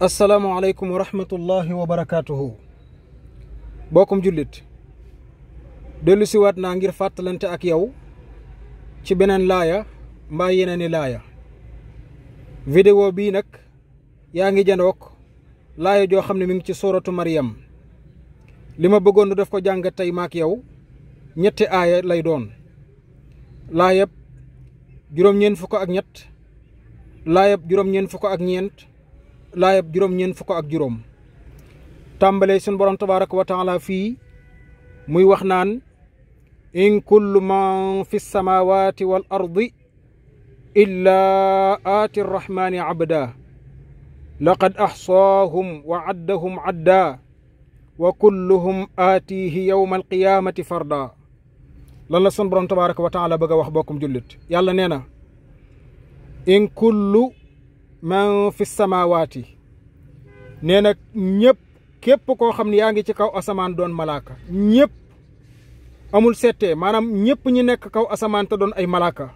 asalaamaaleykum wa rahmatullahi wa barakaatuhu bokkum jullit dellu siwaat naa ngir fàttalante ak yow ci beneen laaya mbaa yeneeni laaya vidéo bii nag yaa ngi jandook laaya joo xam ne mu ngi ci suratu Maryam li ma bëggoon def ko jàngat tey maak yow ñetti aaya lay doon laayab juróom-ñeent fukk ak ñett laayab juróom-ñeent fukk ak ñeent laayab juróom-ñeent fukk ak juróom tàmbale suñu borom tabaaraka wa taala fii muy wax naan in kullu man fi samawati wal ardi illaa aati rrahmani abda laqad axsaahum wa addahum adda wa kulluhum aatihi yowma alqiyaamati farda lan la sun borom tabaaraka wa taala bëgg wax bokkum jullit yàlla nee in kullu man fi samaawaati nee na ñëpp képp koo xam ne yaa ngi ci kaw asamaan doon malaaka ñëpp amul settee maanaam ñëpp ñi nekk kaw asamaan ta doon ay malaaka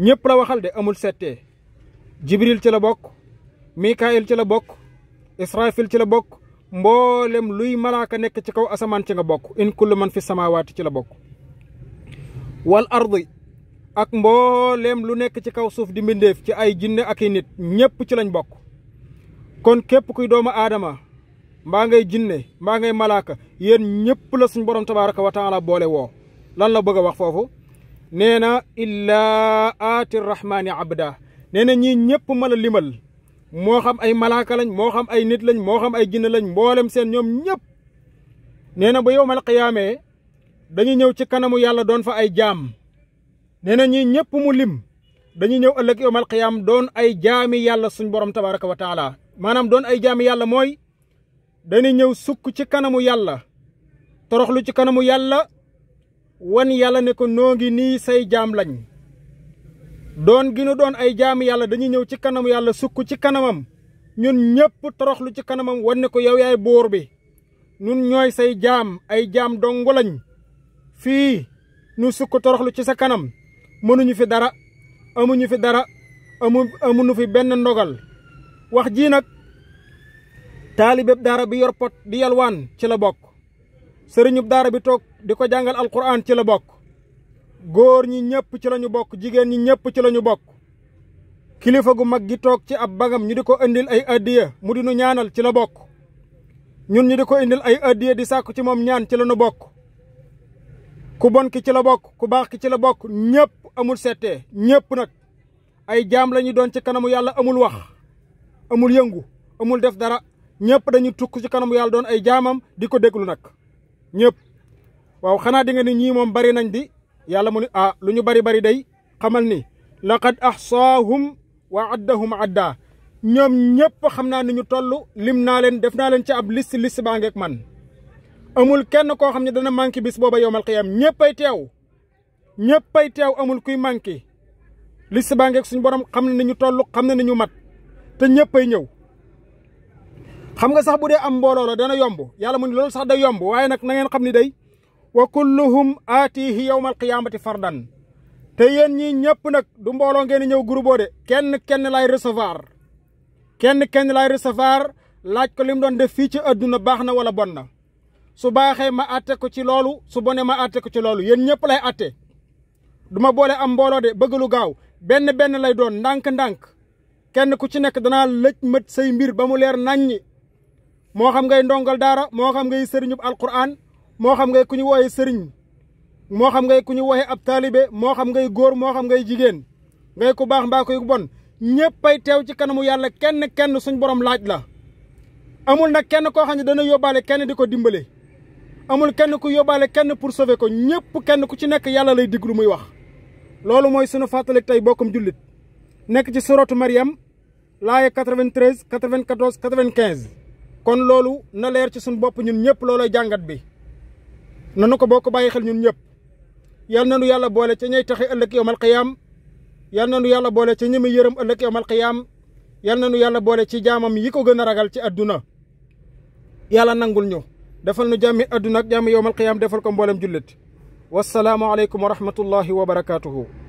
ñëpp rawaxal de amul settee jibril ci la bokk mikaayil ci la bokk israfil ci la bokk mboolem luy malaaka nekk ci kaw asamaan ci nga bokk in kullu man fi samaawaati ci la bokk wal ardi ak mbooleem lu nekk ci kaw suuf di mbindeef ci ay jinne ak i nit ñépp ci lañ bokk kon képp kuy doomu aadama mbaa ngay jinne mbaa ngay malaaka yéen ñépp la suñ borom tabaraka wa taala boole woo lan la bëgg a wax foofu nee na illaa aati rahmaani abda nee na ñii ñépp mën a limal moo xam ay malaaka lañ moo xam ay nit lañ moo xam ay jinne lañ mboolem seen ñoom ñépp nee na ba yowmal qiyaamee dañuy ñëw ci kanamu yàlla doon fa ay jaam nee na ñi ñëpp mu lim dañuy ñëw ëllëg yowmal qiyaam doon ay jaami yàlla suñ borom tabaraka wa taala maanaam doon ay jaami yàlla mooy dañuy ñëw sukk ci kanamu yàlla toroxlu ci kanamu yàlla wan yàlla ne ko noo ngi nii say jaam lañ doon gi nu doon ay jaami yàlla dañuy ñëw ci kanamu yàlla sukk ci kanamam ñun ñëpp toroxlu ci kanamam wan ne ko yow yaay buur bi ñun ñooy say jaam ay jaam dong lañ fii nu sukk toroxlu ci sa kanam mënuñu fi dara amuñu fi dara amu amuñu fi benn ndogal wax ji nag taalibeb daara bi yor pot di yalwaan ci la bokk sëriñub daara bi toog di ko jàngal alquran ci la bokk góor ñi ñëpp ci lañu bokk jigéen ñi ñëpp ci lañu bokk kilifa gu mag gi toog ci ab bagam ñu di ko indil ay addiya mu di nu ñaanal ci la bokk ñun ñu di ko indil ay addiya di sàkku ci moom ñaan ci la nu bokk ku bon ci la bokk ku baax ki ci la bokk ñëpp amul seetee ñëpp nag ay jaam la ñu doon ci kanamu yàlla amul wax amul yëngu amul def dara ñëpp dañuy tukk ci kanamu yàlla doon ay jaamam di ko déglu nag ñëpp waaw xanaa di nga ni ñii moom bari nañ di yàlla mu ni ah lu ñu bari bari day xamal ni laqad ahsaahum wa addahum adda ñoom ñëpp xam naa ni ñu toll lim naa leen def naa leen ci ab liste liste baa ngeeg man amul kenn koo xam ne dana manqué bis booba yowmal qiyaam ñëpp ay teew ñëppay teew amul kuy manqué liste baa ngeeg suñu borom xam na nañu toll xam na ñu mat te ñëppay ñëw. xam nga sax bu dee am mbooloo la dana yomb yàlla mu ne loolu sax day yomb waaye nag na ngeen xam ni day wa kulluhum aatihi yawma alqiyaamati fardan te yéen ñii ñëpp nag du mbooloo ngeen ñëw groupe de kenn kenn lay recevoir kenn kenn lay recevoir laaj ko li mu doon def fii ci adduna baax na wala bon na su baaxee ma àtte ko ci loolu su bonee ma àtte ko ci loolu yéen ñëpp lay àtte du ma boole am mbooloo de bëgg lu gaaw benn benn lay doon ndànk-ndànk kenn ku ci nekk danaa lëj mët say mbir ba mu leer naññi moo xam ngay ndongal daara moo xam ngay sëriñub alquran moo xam ngay ku ñu wooye sëriñ moo xam ngay ku ñu wooye ab taalibe moo xam ngay góor moo xam ngay jigéen ngay ku baax mbaa koy bon ñëppay teew ci kanamu yàlla kenn kenn suñ borom laaj la amul nag kenn koo xam ne dana yóbbaale kenn di ko dimbale amul kenn ku yóbbaale kenn pour sauver ko ñëpp kenn ku ci nekk yàlla lay diglu muy wax loolu mooy sunu fàttalik tey bokkum jullit nekk ci suratu Mariam laaye 93 94 95 kon loolu na leer ci suñu bopp ñun ñëpp loolooy jàngat bi nanu ko boo ko bàyyi xel ñun ñëpp yal na nu yàlla boole ca ñay taxe ëllëg yowmal qiyaam yal na nu yàlla boole ca ñemi yërëm ëllëg yowmal qiyaam yal na nu yàlla boole ci jaamam yi ko gën a ragal ci adduna yàlla nangul ñu defal nu jàmmi adduna ak jàmmi yowmal qiyaam defal ko mboolem jullit wasalaamualeykum wa rahmatullahi wa barakaatuhu.